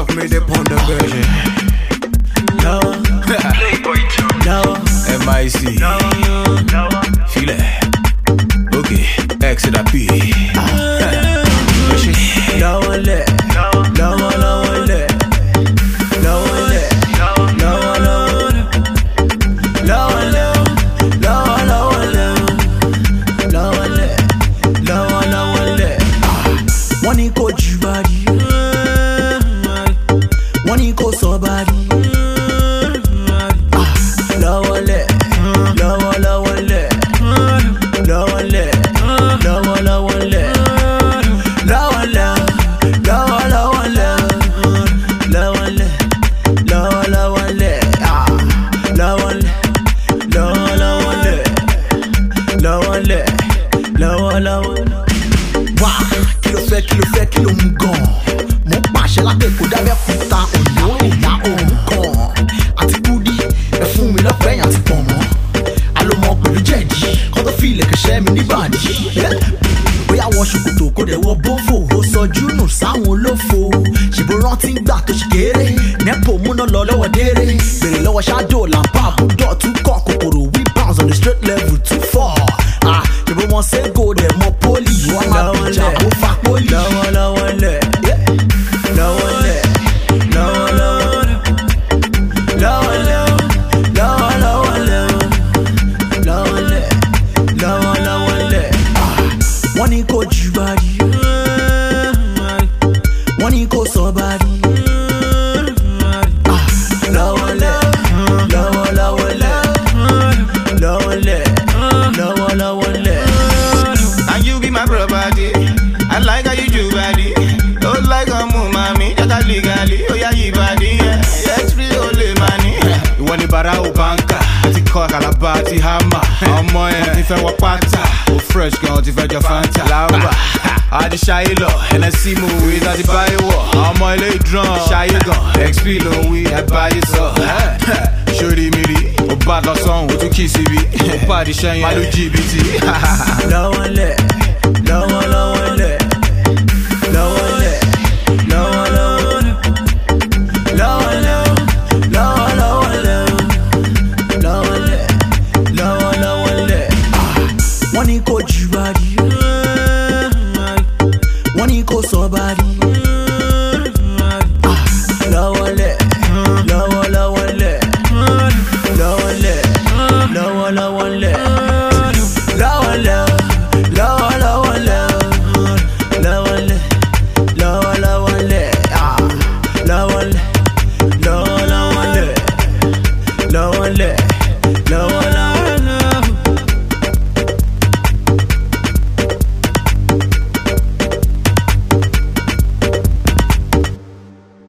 of me they on the No, no, MIC, no, no, feel it. Okay, exit a P. Ah. ń lẹ̀ lọ́wọ́lọ́wọ́. wá kí ló fẹ́ kí ló fẹ́ kí ló ń gan mo pàṣẹ lábẹ́ kó dábẹ́ kúta òyà òyà òun kan àti kúdí ẹ fún mi lọ́fẹ̀ẹ́ yàn ti pọ̀ mọ́ àlọ́mọ pẹ̀lú jẹ̀dí kọ́ tó fi ilẹ̀kẹ̀ ṣẹ́ mi níbàdí. bóyá wọ ṣòkòtò kó dẹ̀ wọ bófò ó sọ júnù sáwọn olófo ṣèbó rántí gbà tó ṣe kéré nẹ́pò múná lọ lọ́wọ́ déré bèrè lọ́wọ́ ṣáájú. go dem mọ poli ọmọ abija ó fa poli. lọ́wọ́lọ́wọ́ lẹ̀ lọ́wọ́ lẹ̀ lọ́wọ́lọ́wọ́ lọ́wọ́ lẹ̀ lọ́wọ́lọ́wọ́ lẹ̀ lọ́wọ́ lẹ̀ lọ́wọ́lọ́wọ́ lẹ̀. wọ́n ní kò jù bá wọ́n ní kò sọ bá bara ò báńkà àti kọ́ àkàlàbà àti hámà ọmọ yẹn ti fẹ́ wọ pátá ó fresh gan ti fẹ́ jọ fanta láwùbà àti ṣayé lọ ẹlẹ́sìn mú wí láti báyé wọ̀ ọmọ ilé ìdúràn ṣayé gan xp ló ń wí ẹ sọ sórí mi rí bá lọ sọ́hún ó tún kì í síbi ó pàdé sẹ́yìn má lọ́wọ́lẹ̀ lọ́wọ́lẹ̀. One ní kò jìbàdì wọ́n ní kò sọ̀bàdì. Ah, lọ́wọ́lẹ̀ lọ́wọ́lọ́wọ́lẹ̀ lọ́wọ́lẹ̀ lọ́wọ́lọ́wọ́lẹ̀.